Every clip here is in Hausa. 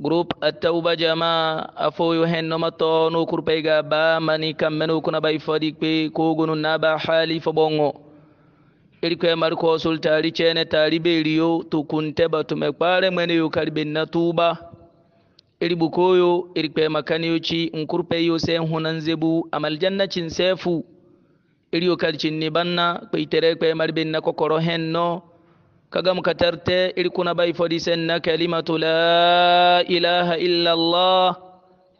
groupe atawba jama afoyo henno mato no kurpayga ba mani kammeno kuna bay fodi pe kogunu naba hali fo bongo irkwe marko sultari chene be riyo to batume kware mwene yo karibe na tuba iri bukoyo irkwe makaniyo ci nkurpe yo sen hunan zebu amal jannacin sefu iriyo kalcin ni banna kwe itere kwe marbe na kokoro henno كغم كترت إلكنا باي فديسن ilaha لا إله إلا الله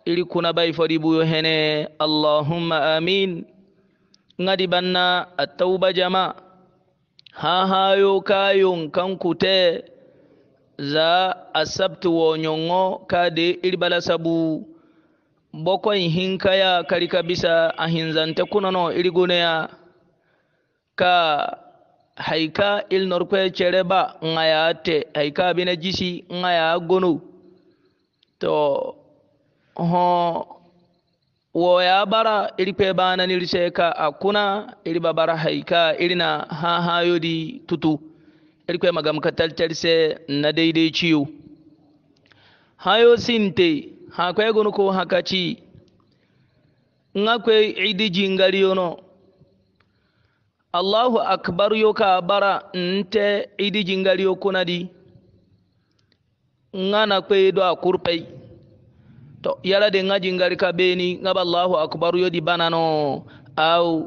إلكنا باي فديبو هني اللهم آمين ngadi banna attauba jama ha hayo kayon kankute za asabtu wo nyongo kade iribala sabu bokoi hinkaya kari kabisa ahinzante kunono iriguneya ka haika il norkwe cereba nga ya te haika bina jisi nga ya to ho wo ya bara iri pe bana ni riseka akuna iri babara haika iri na ha ha yodi tutu iri kwe magam katal terse na daidai ciyo hayo sinte ha kwe gonu ko hakachi ngakwe idi jingari allahu akbar yo ka bara nte idi jingari yo kunadi ngana kwee do a kurpey to yala de nga jingari ka beni ngaba allahu akbar yo di banano aw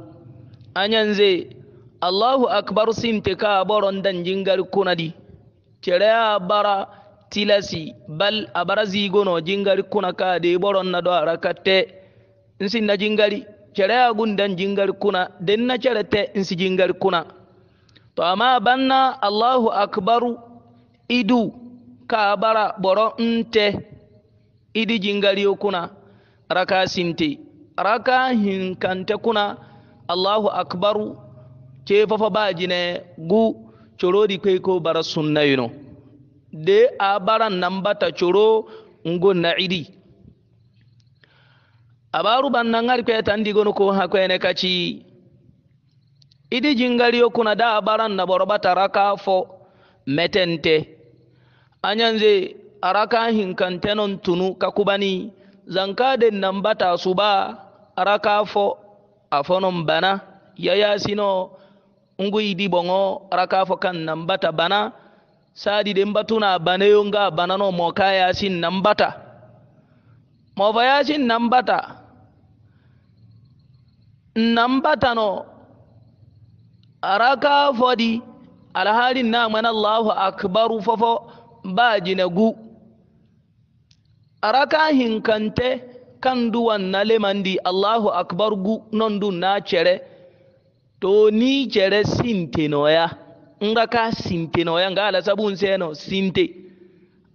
anyanze allahu akbar sinte ka boro ndan jingari kunadi tere a bara tilasi bal a bara zigono jingari kuna ka de boron na do arakatte nsinna jingari cere agun dan jingar kuna den na cere te insi jingar kuna to amma banna allahu akbaru idu ka bara boro nte idi jingar yo kuna raka sinti raka hin kante kuna allahu akbaru ce fafa ba jine gu coro di kai ko bara sunna yino de a bara nan bata coro ngo na idi abaru bannangari kwe tandi gono ko hakwene kachi idi jingari yo kuna da abaran na borobata raka fo metente anyanze araka hinkantenon tunu kakubani zankade nambata suba araka fo afonon bana yayasino ungu idi bongo araka fo kan nambata bana sadi de mbatuna bana yonga banano mokaya sin nambata mofaya sin nambata nambatano raka fodi alhali naman allahu akbaru fofo ba jinagu raka hinkante kan duwan na lemandi allahu akbar gu non dun na cere to ni cere sintinoya n raka sintinoya nga ala sabun seno sinte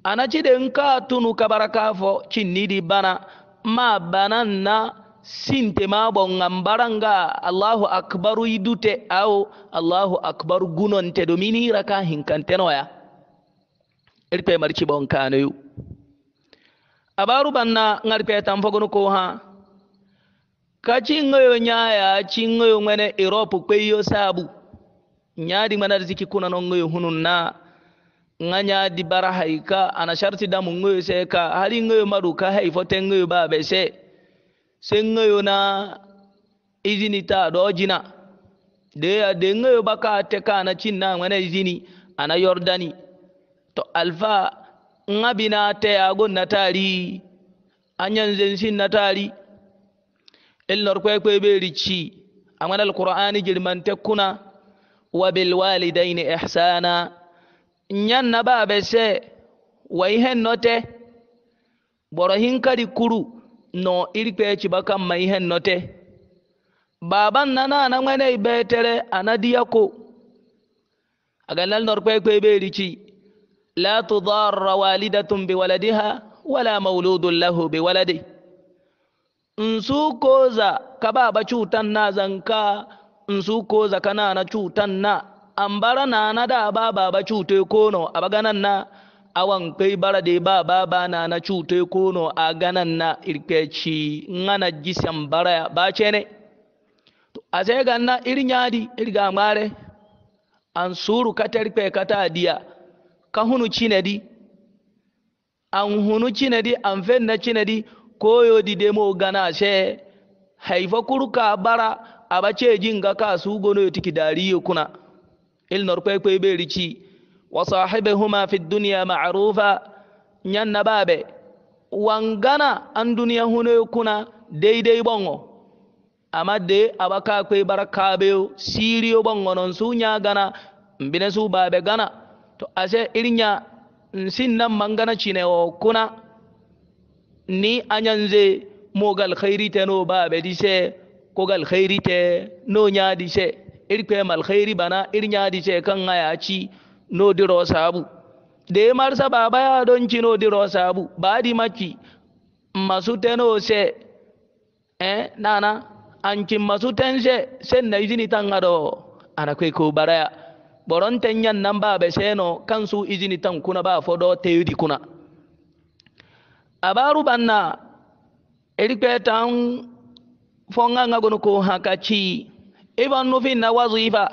anacide n ka tunu kabaraka fo cinnidi bana ma bananna sinte ma ɓon ngam baranga allahu akbaru yidute aw allahu akbaru gunonte ɗo minira ka hinkantenoya erpe marci ɓon kanoyu abaru banna ngar petan fogono ko ha kacinŋoyo nyaya cinŋoyo ŋene erope kweyyo sabu nyadi ŋenat siki kunanonŋoyo hunun na ŋa nyadi bara hay ka ana sharti damu ŋoyo se ka hari ŋoyo maɗu ka hay fo tenŋoyo babe se sengayo na izini ta dojina ya de ngayo baka te kana cinna mana izini ana yordani to alfa ngabina te agon tari anyan zensin natari elnor kwe kwe be rici amana alqur'ani girman te kuna wa bil walidaini ihsana nyan na ba bai se wa ihe note borohin kari kuru nọ irikpe chibaka mma ihe nnote baban na na na nwene ibetere anadi norpe kwe berichi la tudarra walidatun waladiha wala mauludun lahu biwaladi nsu koza ka baba cutan na zanka nsu koza kana na cutan na ambara na na da ba baba cute kono abaganan na awan kai barade ba ba ba na na cuto kono a ganan na irkeci ngana gisan baraya ba ce ne to a sai ga na irin yadi irga mare an suru kata rike kata diya ka hunu cine di an hunu cine di an fen na cine di koyo di demo gana se haifa kuru ka bara a ba ce jin ga ka su gono tiki dariyo kuna il norpe kwe be rici. وصاحبهما في الدنيا معروفا نيان بابي wangana an duniya kuna daidai bongo amma de abaka kwe baraka beyo siriyo bongo non su nya gana mbine su babe gana to ase nan mangana cine o ni anyanze mogal khairi te no babe dise kogal khairi te no dise mal khairi bana dise kan aya ci nodiro saabu de marsa baba ya don ci nodiro saabu baadi makki masu teno se eh nana an ci masu ten se sen na izini tan ado ana kai ko baraya boron ten yan nan ba be seno kansu izini tan kuna ba fodo teyudi kuna abaru banna erikpe tan fonga nga gonu ko hakachi ibanu fi na wazifa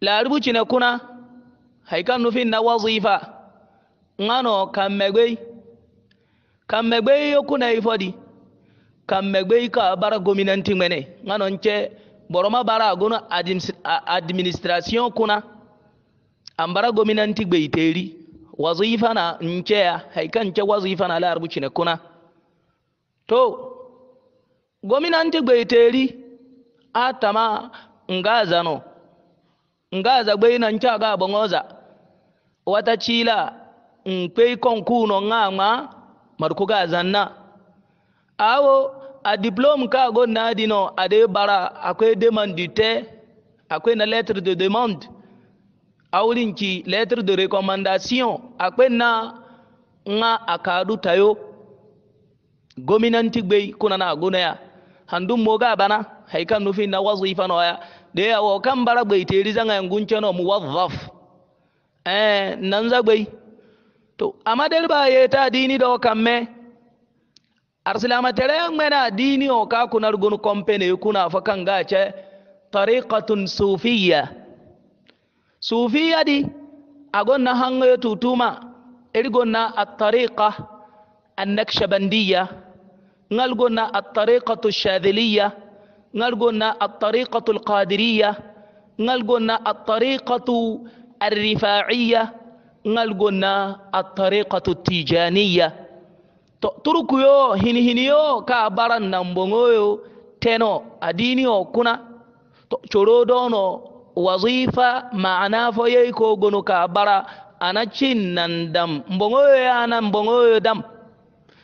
laribu cine kuna haika nufin na wazifa ngano kammegbe yoku na ifodi kammegbe ka bara gominanti mene ngano nche boroma bara gono administration kuna ambara gominanti gbe iteri wazifa na nche ya haika nche wazifa na larbu chine kuna to gominanti gbe iteri atama ngazano ngaza gbe na nche aga bongoza wata cila nkpei konkuno ŋama markuga zanna awo a diplôme ka go a ade bara akwai demande te akwe na lettre de demande awurinki lettre de recommandation Akwai na nga akadu tayo gominanti gbei kuna na agunaya handum moga bana haikan nufin na wazifa noya de awo kan bara gbei teri zanga yangun ceno muwazzaf eh nan zagbai to amma dai ba ye ta dini do kamme arsilama tere mena dini o ka kunar gun company kuna fa kan gace tariqatun sufiyya sufiyya di agon na ya tutuma irgon na at-tariqa an-nakshabandiyya ngalgon na at-tariqatu ash-shadhiliyya ngalgon na at-tariqatu al-qadiriyya ngalgon na at-tariqatu arrifa'iyya ngal gonna attariqatu tijaniya to turku yo ka baran nambongo yo teno adini o kuna to coro dono wazifa ma'ana fo yei ko gonu ka bara ana cin nan dam mbongo yo ya nan mbongo dam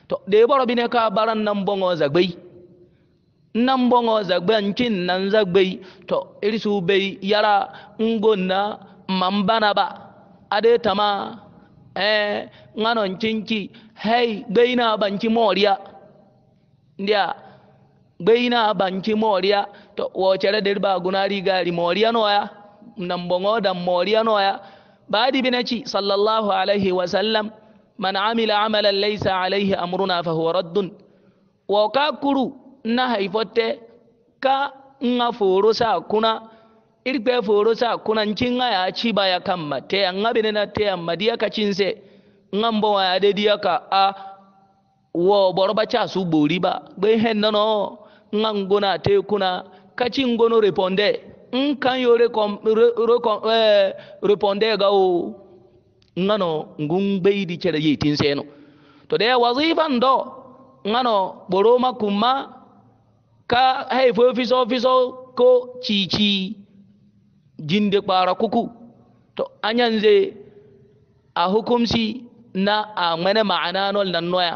to de boro bine ka baran nambongo zagbai nan bongo zagbai cin nan zagbai to irisu bai yara ngonna ba ade tama eh ngano ncinki hey gaina banki moriya ndia gaina banki moriya to wo cere der ba gunari gari moriya noya nan bongo da moriya noya badi binaci sallallahu alaihi wa sallam man amila amalan laysa alaihi amruna fa huwa raddun wa kakuru na haifotte ka nga foro sa kuna irkwe foro sa kunancin ya ci baya kamma te yanga binena te ma diya ka kacinse ah, ngambo waya de diya ka a wo boroba cha su bori ba gbe henna no ngangona te kuna kacin gono reponde n kan yo rekom rekom eh reponde ga o ngano ngungbe di chere yitin seno to de wazifa ndo ngano boroma kuma ka hey fo fiso fiso ko cici jinde ɓaara kuku to añanze a hukumsi na a mene ma'ananol nannoya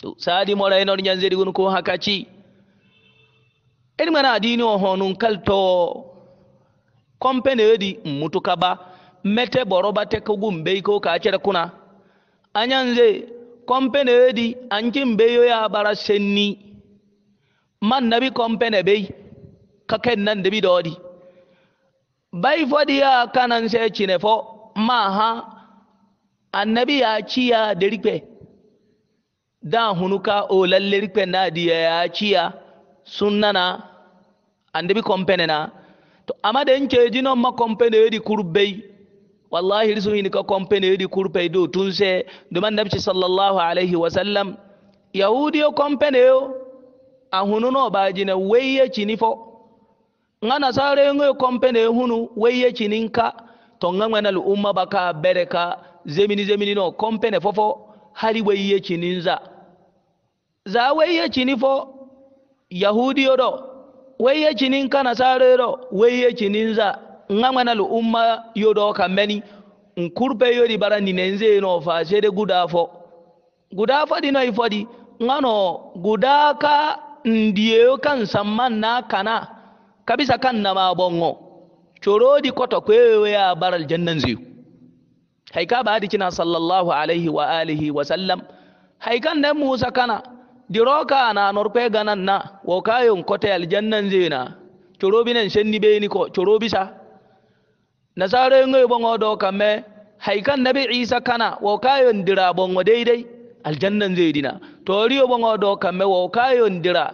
to saadi morayinol ñanzeri gun ko hakaci enimana adini o honun kal to compene wedi mutukaba mete boroba te kogun bey ko ka cere kuna añanze compene wedi ancin beyo ya bara senni man nabi compene bey kaken nan debi doodi bay fodiya kanan se cine fo ma ha annabi ya ciya derikpe da hunuka o lallerikpe na diya ya ciya sunnana annabi kompene na to ama den keji non ma kompene edi kurbey wallahi risu hini ka kompene edi kurbey do tunse duma annabi ci sallallahu alaihi wa sallam yahudiyo kompene yo a hununo baji na weyye cini fo nga nasara ngoy kompene hunu weye chininka tonga ngwana umma baka bereka zemini zemini no kompene fofo hali weye chininza za weye chinifo yahudi yodo weye chininka nasara yodo weye chininza nga ngwana umma yodo kambeni nkurpe yodi bara ninenze no fa sede gudafo gudafo dino ifodi ngano gudaka ndiyo kan samman na kana kabisa kan na ma bongo corodi koto kwewe ya baral jannan zai haika ba di kina sallallahu alaihi wa alihi wa sallam haikan da musa kana diroka na norpe ganan na wa kayun kote aljannan zai na Coro bi nan shenni be ni ko corobi sa nasare ngai bongo do kame haikan nabi isa kana wa kayun dira bongo daidai aljannan zai dina toriyo bongo do kame wa kayun dira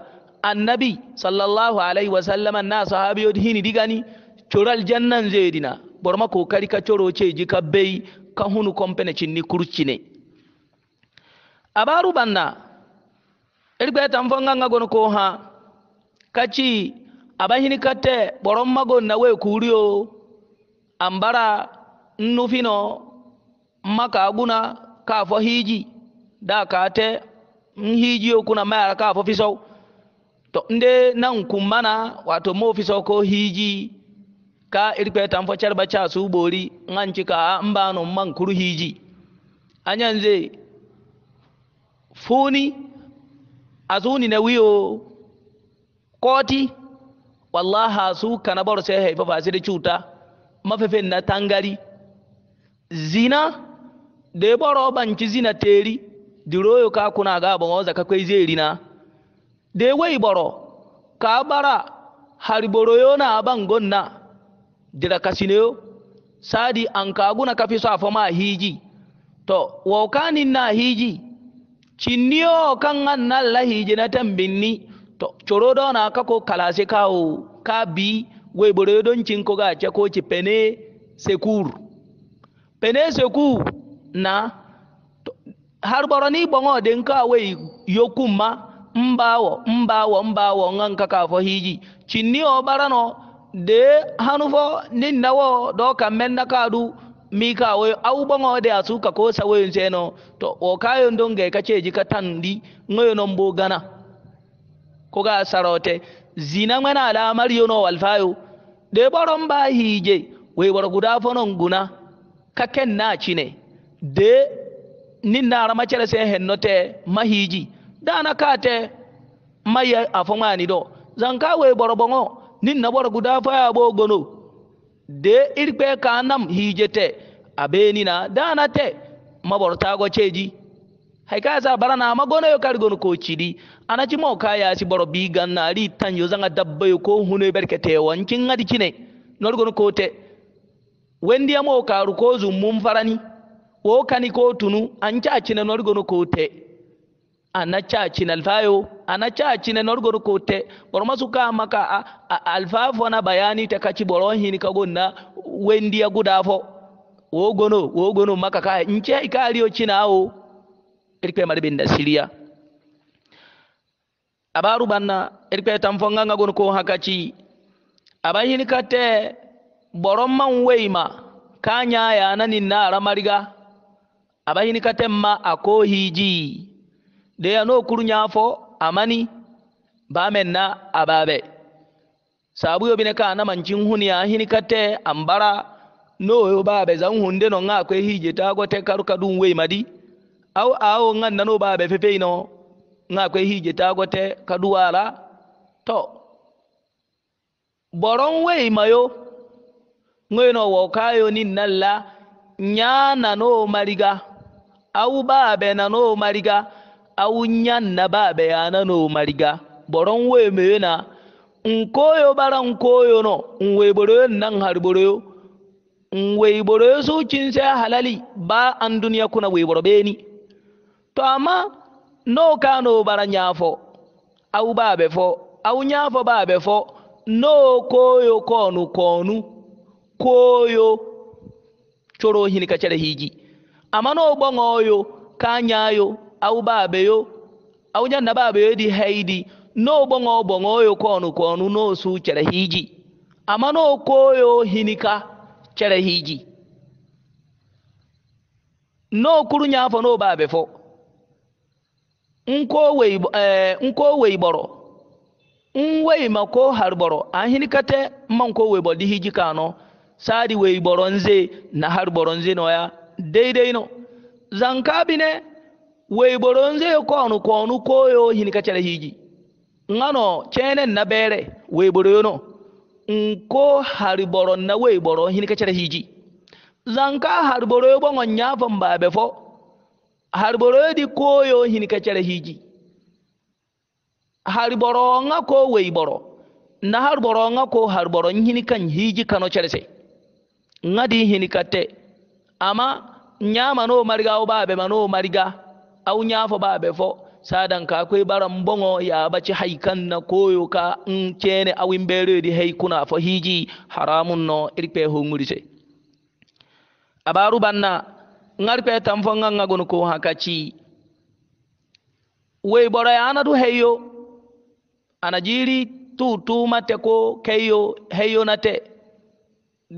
annabi sallallahu alaihi wasallam na sahabiyo hini digani coral jannan zedina borma kokari ka coro ceji ka bei ka hunu kompene cinni kurcine abaru banna irgbe tan fonga nga gono ko ha kaci abahini katte boron magon na we kuriyo ambara nnufino maka aguna ka fo hiji da ka te nhiji okuna mayara ka fo fisau to nde nan kummana wato mofi soko hiji ka irpe tan charba cha su bori nganci ka mbano man kuru hiji anyanze funi azuni na wiyo koti wallaha su kana bor sai haifa fasiri cuta mafefen na tangari zina da boro banci zina teri diroyo ka kuna ga ban waza ka kai zai rina ya wai boro ka bara hariboro yo na ban gonna dira yo sadi an kaguna kafi so ma hiji to kanin na hiji cinniyo kan an na la hiji na tambinni to coro do na ka ko kalase kawo ka bi Wai boro yo don cin ko ga ce ko ci pene sekur pene sekur na har boro ni bongo den ka wei yokumma mbawo mbawo mbawo ngan kaka fo hiji cinni o barano de hanu fo nawo do kam men na mi ka wo au bongo de asu ka ko sa woyin seno to o kayo ndonge ka ceji ka tandi ngoyo no bo gana ko ga sarote zina ngana alamar no walfayo de boron ba hije we bor guda fo non guna ka ken na cine de ni na ramacere sen hennote mahiji Da na kate maya afamani do zanka we borobongo nin na bor guda faya bo gono de irpe kanam hijete abeni na Da na te ta go ceji hay ka sa barana ma gono yo kar gono ko cidi anaci mo kaya si boro bi gan na ri tan yo zanga dabba yo ko huno berkete wancin ngadi ne nor gono ko te wendi amo karu ko zum mun farani wo kani ko tunu an ca nor gono ko te anachachi alfayo anachachi ne norgor kote borma suka maka alfafo na bayani ta kaci boron hini kagonna wendi ya gudafo wogono wogono maka ka ka ince ikariyo cinawo irkwe marbin da siriya abaru banna irkwe tamfonga ngagon ko hakaci ka kate boron man weima kanya ya nanin na ramariga abahini kate ma akohiji n'o kuru ɲafo amani bamen na ababe yo bine ka na huni huniya hini kate ambara noyo babe zan hunde no nga ko hije ta te karu kadun we madi au au nga nano babe fefe no nga ko hije tago te kaduwala to boron we mayo ngoyno wo kayo ni nalla nya nano mariga au babe nano mariga ba awunyanna baabeyano maliga boron na nkoyo bara nkoyo no nweyboroyo nan harboroyo so su cinse halali ba an duniya kuna weyboro ni. to ama no kano bara nyafo awu baabe fo awu nyafo baabe fo no koyo konu konu koyo coro hini kacere hiji ama no gboŋoyo ka nyayo au babeyo au janna babeyo di haydi no bongo bongo yo konu konu no su cere hiji ama no koyo hinika chere hiji no kuru nyafo no babe fo nko wei eh, nko wei boro nwei mako harboro an hinikate man ko wei bodi hiji kano sadi wei boro nze na harboro nze no ya daidai no zankabi ne weyiboron se koonu koonu koyo hinika cele hiiji ŋano cenen na beere weyiboro yono nko hariboron na weyiboro hinika cele hiiji zanka hariboro yo boŋo nyafon baabe fo hariboro yo di koyo hinika cele hiiji hariboro ŋa ko weyiboro na hariboro ŋa ko hariboro hinikan hiiji kano cele se ŋa di hinikatte ama nyamano mariga wo baabe mano mariga aw ñafoɓaɓe fo sadan ka koye ɓaran bongo yabaci hay kanna koyo ka n ceene awi mbeeroydi hey kuna fo hiiji haramun no irpe hongurise abarubanna ŋarpe tan fo ŋaŋagun ko ha kacci wey ɓoroyanadu heyyo ana jiri tutumate ko keyyo heyyo nate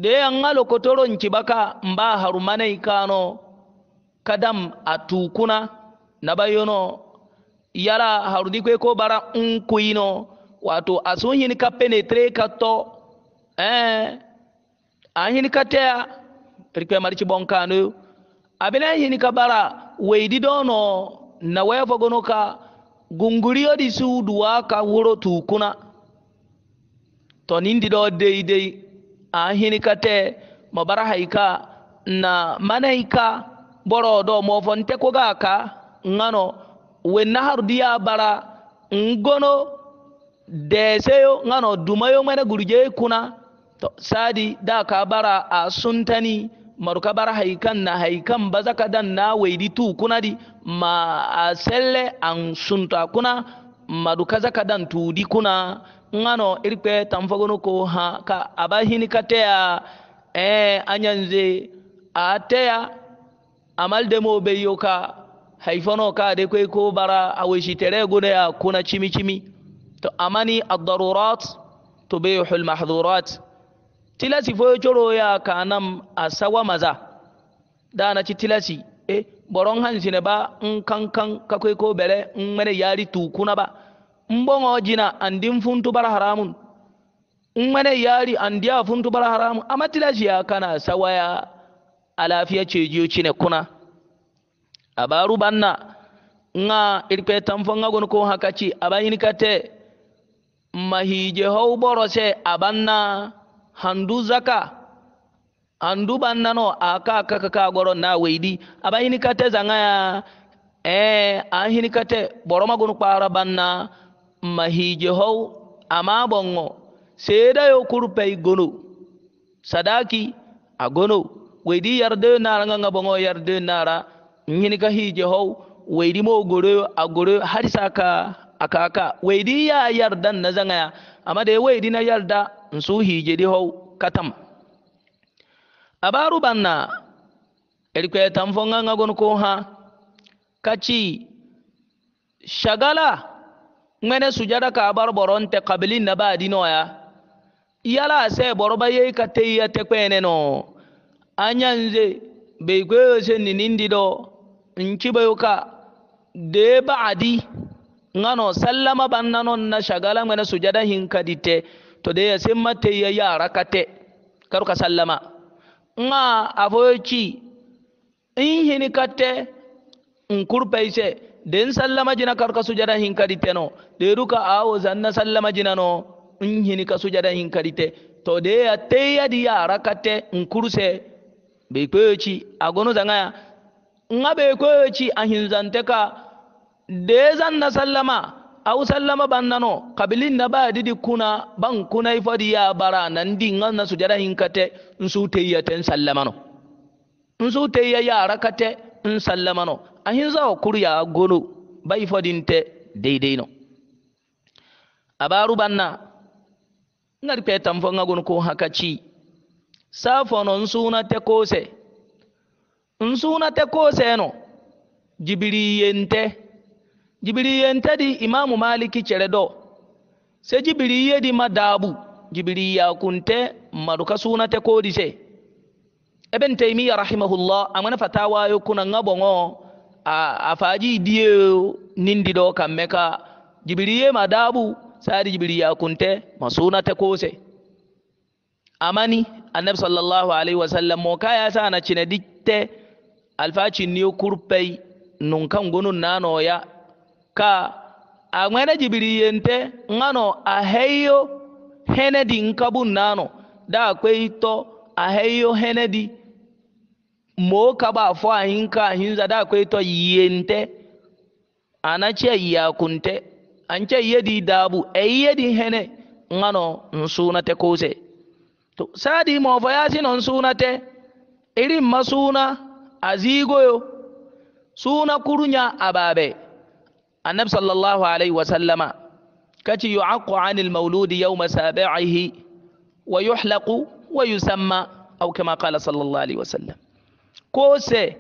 de aŋalo kotoron cibaka mba harumaney kano kadam a tukuna no, yala harudi kwe ko bara nkuyino wato asun hin ka penetre ka to eh a hin ka teya rikwe marici bonkano abina hin ka bara weidi dono na wefa gono ka gunguriyo di su duwa ka wuro tukuna to nindi do deidei a hin ka te mabara haika na manaika boro do mofon te ko ga ka ngano wenna haru diya bara ngono deseyo ngano dumayo mene gurje kuna to sadi da ka bara a suntani maru ka bara haikan na haikan ba zaka dan na waidi tu kuna di ma a selle an sunta kuna madu ka zaka dan di kuna ngano irpe tamfagono ko ha ka abahini katea eh anyanze atea amal demo beyoka haifano ka dai kai ko bara a wishi tare gune ya kuna cimi cimi to amani ad-darurat tubihu al-mahdhurat tilasi fo coro ya kanam asawa maza na ci tilasi e boron hansi ne ba in kankan ka kai ko bere in mene yari tukuna ba in bongo jina andin funtu bara haramun in mene yari andiya funtu bara haramun amma tilasi ya kana sawaya alafiya ce jiyo cine kuna abaru banna nga irpe tamfo nga gon ko hakaci abahin kate mahije hau borose abanna handu zaka handu banna no aka kaka ka goro na weidi abahin kate zanga ya eh ahin kate boroma gon kwara banna mahije hau ama bongo seda yo kurpe gono sadaki agono weidi yarde nara nga bongo yarde nara ñini ka hiije how weydi mo goroyo a goroyo hari saka a kaka weydi ya yarda na zaŋaya amma da weydi na yarda nsu hiijedi how katam abaru banna erikwe tamfo ŋaŋa gon ko ha kaci shagala ŋmene sujada ka abar boronte kabilin na baadinoya yala se boroba yei ka teiya tekpene no anyanze beikweyo se ninindi do nkibayoka de baadi ngano sallama bannanon na shagala ngana sujada dite to de yasimma ya yara kate karu ka sallama nga afoyoci in hini ise da den sallama jina karu ka sujada dite no deru ka awo zanna sallama jina no in hini ka sujada dite to da ya ya di yara in kurse bai kpeyoci agono zangaya ngabe ko yoci a hinzante ka dezan na sallama aw sallama bannano kabili naba didi kuna ban kuna ifadi ya bara nan di ngal na sujada hinkate nsu teyya ten sallamano nsu teyya ya rakate n sallamano a hinzawo kuru ya gono ba ifadinte deidei no abaru banna ngari pe tamfo ngagon ko hakachi safono nsuna te kose nsunate koseno jibiriyente jibiriyente di imamu maliki cere do se jibiriye di madabu jibiriya kunte maduka sunate kodise ibn taymiya rahimahullah amana fatawa yo kuna ngabongo a afaji diye nindi do kammeka jibiriye madabu sari jibiriya kunte masunate kose amani annabi sallallahu alaihi wasallam mo kaya sa na cine ditte alfaci ni kurpei nun kan gunun nano ya ka a ŋmene jibiriyente ngano a heyo henedi nkabun nano da akwai to a heyo henedi mo ba fo ahin ka ahinza da kwei to yente anace kunte ance yedi dabu eyedi hene ŋano nsunate kose to sadi mofo non sunate iri masuna azigoyo suna kurunya ababe annab sallallahu alaihi wasallama kaci yu'aqqu 'anil mauludi yawma sabi'ihi wa yuhlaqu wa yusamma aw kama qala sallallahu alaihi wasallam ko se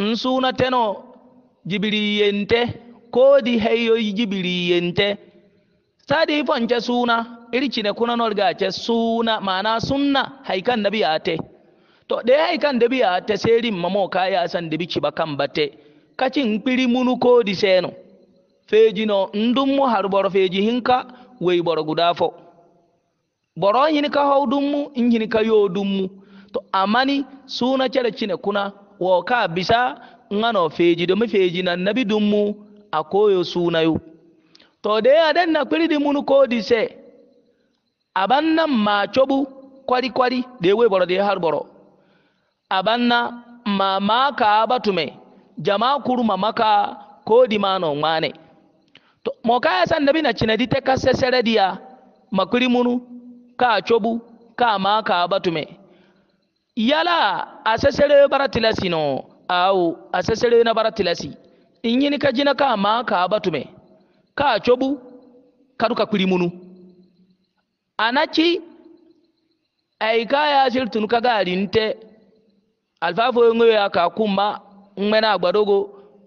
in suna teno jibiriyente ko di heyo jibiriyente sadi fonce suna ircine norga ce, suna ma'ana sunna haikan nabi te. to ɗeyayi kan debi ya te seri mamo kaya san debi ciba kan bate kaci nkpiri munu kodi seno feji no ndum mu har boro feji hinka wey boro guda fo boro hini ka haw dum mu hini ka yo dum mu to amani suna cere cine kuna wo ka bisa ngano feji do mi feji nan nabi dum mu akoyo suna yu to de aden na kpiri di munu kodi se abannan ma chobu kwari kwari de wey boro de har boro abanna mama ka batume jama kuru maka ko dimano ngane to mo ka san nabi na cinadi te ka sesere dia makuri munu ka chobu ka ma ka batume yala a sesere bara tilasino awo a sesere na bara tilasi in ka jina ka ma ka batume ka chobu kaduka kuri munu anachi ai ka ya shirtun ka garin alfafo e ngoyo ya ka kumba ngmena agbadogo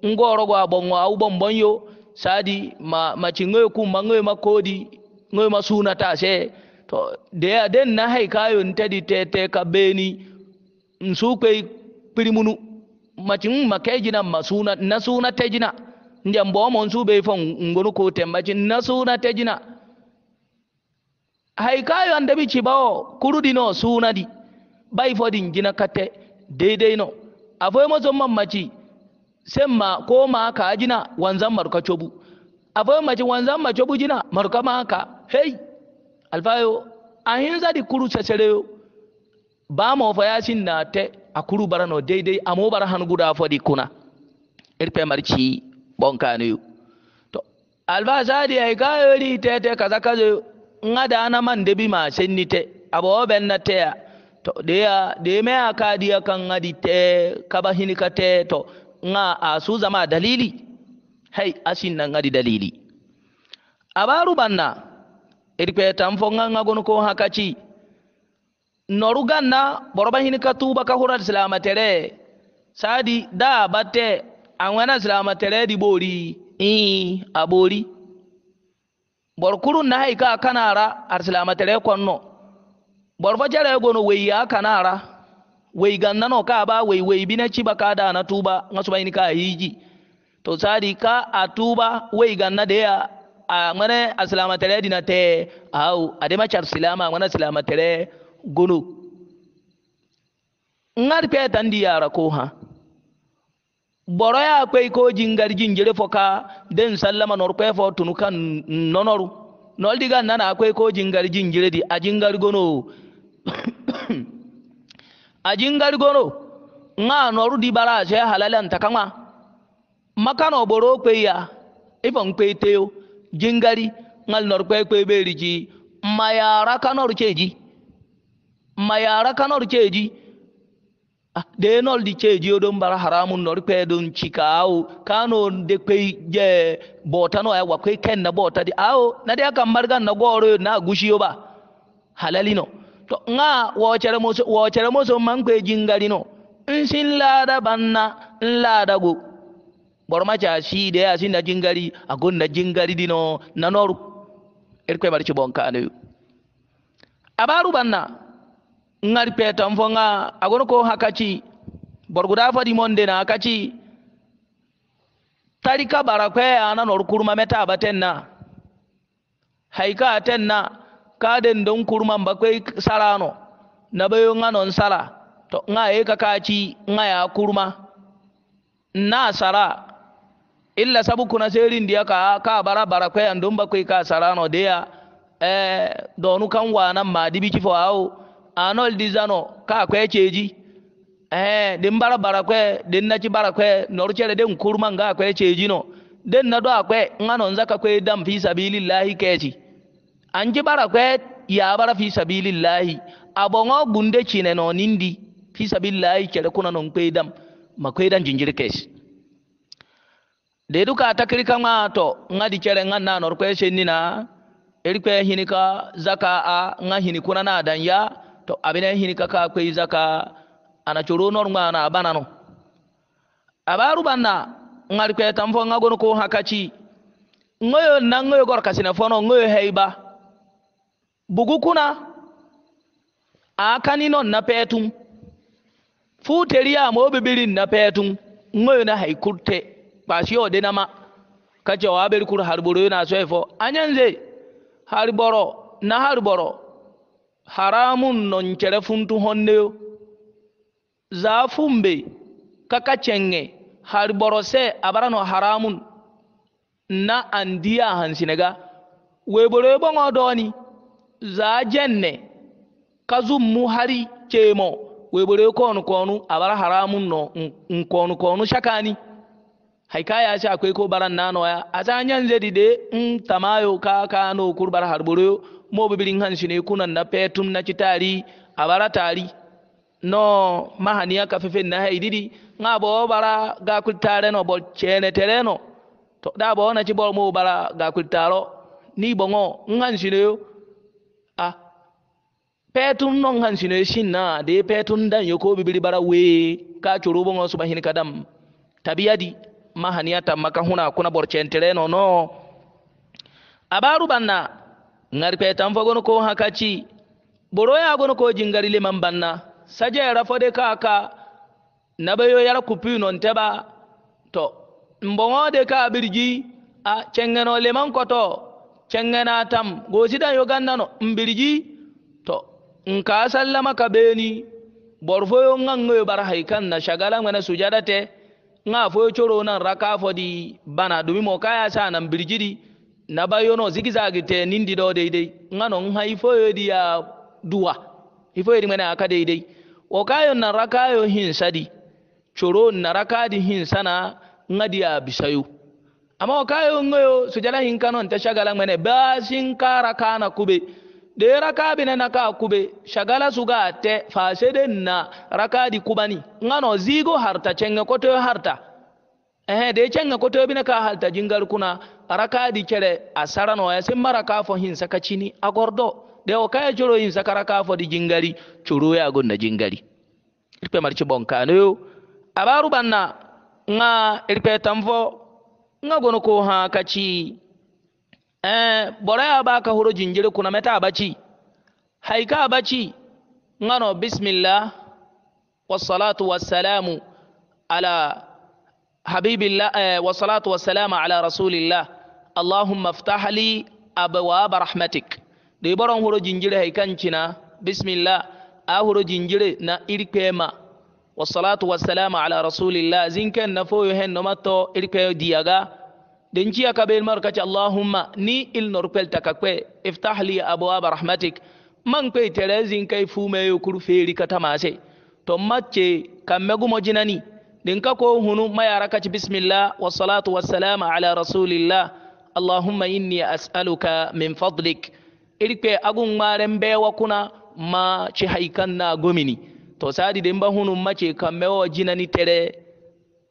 ngorogo abongo au bombonyo sadi ma machingoyo kumba ngoyo makodi suna ta tase to de den na hay kayo ntadi tete ka beni nsukwe pirimunu machin ma suna, na suna tejina ndiyan bomon su bai fon ngonu ko tembaci na suna tejina hay kayo kurudi cibawo kurudino sunadi bay fodin jina kate daidai no afoy mo zon mammaci ma ko ma ka jina wanzan marka chobu afoy maci wanzan ma chobu jina marka ma ka hey alfayo ahin di kuru sesereyo ba mo fayasin na te akuru barano daidai amo bara han guda di kuna irpe marci bonkaniyo to alfa zadi ay te te kaza kaza ngada na man debi ma te abo ben na ya. to deya deme a kaɗiya kan adi te kaba hinika te to ga a suzama dalili hay asinnan adi dalili abaru banna irpetan fo ga agono ko hakaci noru ganna boroba hinika tuba ka hurat silamatere sadi da batte anwena silamatere di bori i a bori bor kurun na hay ka kanara ar silamatere konno borfo jara ya gono wei ya kanara wai ganna no ka ba wei wei bina ci baka da na tuba ngasu bai ni ka hiji to sadi ka a tuba wai ganna de ya a ngane aslama tare dina te au ade ma char silama ngane silama tare gono ngar pe tan di yara ko ha boro ya kwai ko jingar jingire foka den sallama nor kwe fo tunukan nonoru nol diga nana akwai ko jingar jingire di a jingar gono A jingar goro nga noru di bara se halala ntakama no boro kwe ya ifon kwe teo jingari ngal nor kwe kwe beriji mayara kanor cheji mayara kanor cheji ah, de nol di cheji odon bara haramun nor kwe don chikao kano de kwe je bota no ya wa kwe ken na bota di ao na de akambarga na goro na gushi yo ba halali no to nga wocere muso wocere muso man kwe jingali no nsin lada banna nlada go boroma ca a asin na jingari agon na jingari dino nanoru erkwe bari cibonka anayu abaru banna ngari peta fo nga agon ko hakaci borguda fadi monde na hakachi tarika barakwe ana noru kuruma meta abatenna na haika atenna na kaden don kurman bakwai sarano na bayo nganon sara to nga e kakaci nga ya kurma na sara illa sabu kuna serin dia ka ka bara bara kwai andon bakwai ka sarano dia eh donu kan nan ma dibi kifo awo anol dizano ka kwai ceji eh din bara bara kwai din naci bara kwai norchere den kurman ga kwai ceji no den na do akwai nganon zaka kwai dam fi sabilillahi keji anji bara kwe ya bara fi sabilillahi abongo bunde chine no nindi fi lahi kere kuna non kwedam ma kwedan jinjir kes de duka takri kama to ngadi kere nganna nor kwese nina eri hinika zaka a nga hinikuna kuna na danya to abina hinika ka kwe zaka ana choro nor ngana abana no abaru banna ngari kwe tamfo ngagono ko hakachi ngoyo na ngoyo gor kasina fono ngoyo heiba bugukuna akani non na petum fu teriya mobe birin na petum ngoyo na hay kurte basiyo de nama kace wa bel kur harboro na so efo anyanze harboro na harboro haramun non chere funtu honne za fumbe kaka chenge harboro se abarano haramun na andia hansinega weboro ebongo doni zajenne kazu mu hari cemo webore konu konu abar haramun no nkonu konu shakani haikaya ce akwai ko baran nano ya a zanyan zedi de in tamayo ka ka no kurbar harboro mo bibirin hansi ne kunan na petum na kitari a bara tari no mahaniya ka fefe na haididi nga bo bara ga kultare no bol chene tereno to da bo na ci bol mo bara ga kultaro ni bongo in hansi ne yo petun non han sino na de petun dan yoko bibiri bara we ka curu bon su bahin kadam tabiyadi mahaniyata maka huna kuna borcentere no no abaru banna ngar petan fogono ko hakaci boro ya gono ko jingari liman banna saje rafode kaka nabayo yara kupi non teba to mbongo de ka birgi a cengeno liman koto cengena tam gosida yo gannano mbirgi nka sallama ka beni yo nga ngoy bar haikan na shagala ngana sujadate nga foyo choro nan raka fo di bana dumi mo kaya sa nan birjidi na bayo no zigizagi te nindi do deidei nga no nga ifoyo di ya duwa ifoyo di mana aka deidei o kayo na yo hin sadi choro na raka di hin sana nga di bisayu amma o kayo ngoyo sujala hin kanon ta shagala ngana basin kara kana kube dee rakabinena ka kube shagala suga te faseden na rakadi kubani ngano zigo harta chenge koto harta ehe de chenge koto bine ka harta jingal kuna rakadi chere asarano ya simma rakafo hinsa kachini agordo de o kaya choro hinsa karakafo di jingali churu ya gunda jingali ripe marichi bonkano yo abaru banna nga ripe tamfo nga gono kuhaka chii eh bora aba ka horo jinjiri kuna meta abachi haika abachi ngano bismillah wassalatu wassalamu ala habibillah eh, wassalatu wassalamu ala rasulillah allahumma aftah li abwaaba rahmatik de boron horo jinjiri haikan china bismillah a horo na irkema wassalatu wassalamu ala rasulillah zinken na foyo hen no matto irke diyaga den aka kaɓe mar kaci allahumma ni il pelta ka takakwe iftah li rahmatik man kwe terezin kai fumeyo kuru feri katamase to macce mo jinani den ka ko hunu mayara kaci bismillah wasalatu salam ala rasulillah allahumma inni as'aluka min fadlik irke agun maren bewa kuna ma ci haikan na gomini to sadi den ba hunu kam mewo jinani tere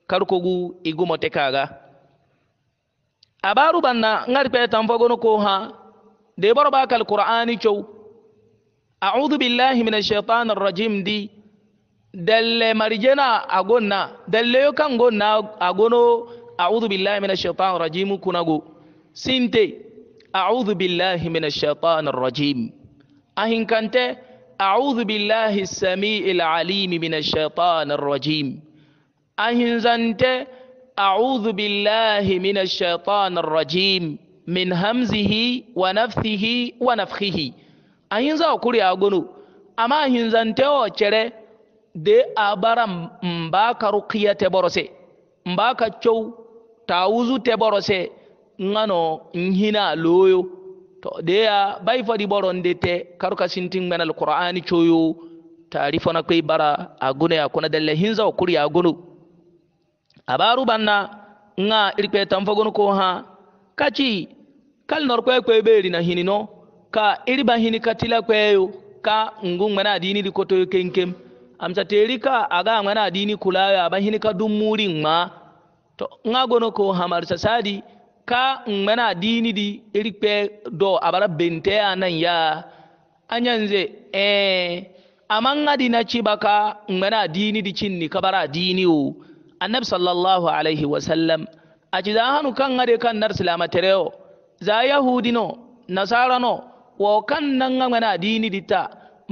karkogu igumo tekaga kaga abaru banna ngari kwe tamfagono ko ha de boro ba kal qur'ani chow a'udhu billahi minash shaitanir rajim di dalle marijena agonna dalle yo kan gonna agono a'udhu billahi minash shaitanir rajim kunago sinte a'udhu billahi minash shaitanir rajim ahinkante a'udhu billahi as-sami'il alim minash shaitanir rajim ahinzante أعوذ بالله من الشيطان الرجيم من همزه ونفثه ونفخه أهين زاو كوري أغنو أما أهين زانتو چره دي أبارا مباكا رقية تبرسي مباكا چو تاوزو تبرسي ngano nhina loyo to deya bay fadi boronde te karuka sintin menal qur'ani coyo tarifona koy bara agune akuna dalle hinza o kuri agunu abaru banna nga irkpe tamfagonu ko ha kachi kal norkwe kwe beri na hini no ka iriba hini katila kwe yo ka ngu ngana dini di koto yo kenkem amsa teri ka aga ngana dini kula yo aba hini ka dumuri ma to nga gono ko ha marsa sadi ka ngana dini di irkpe do abara bente anan ya anyanze eh amanga dinachi baka ngana dini di chinni kabara dini o annabi sallallahu alaihi wasallam ajidahanu kan ŋade kan nar silamatereo za yahudi no nasara no wo kan nan ŋa ŋana dini ditta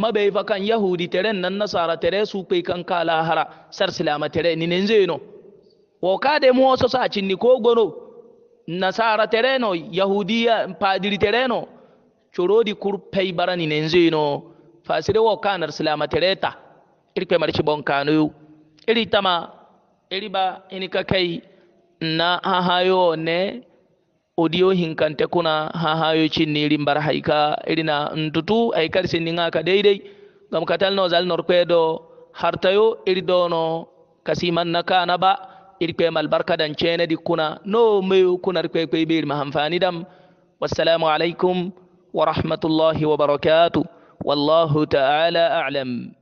mabei fa kan yahudi teren nan nasara tere su kpei kan kala hara sar silamatere ninenzeyo no wo ka de mo so sa cinni ko gono nasara tere no yahudiya padiri tere no corodi kur pei bara ninenzeyo no fasire wo kanar silamatere ta irkpe marci bonkanoyo iri tama eriba ini kai na hahayo ne odio hinkante kuna hahayo chini irin bar haika irina ntutu aikar sininga ngaka daidai katal no zal norkwedo hartayo iri dono kasiman na kana ba iri kwe malbarka dan chene di kuna no meyo kuna kwe kwe bir mahamfani dam wassalamu alaikum wa الله وبركاته والله تعالى أعلم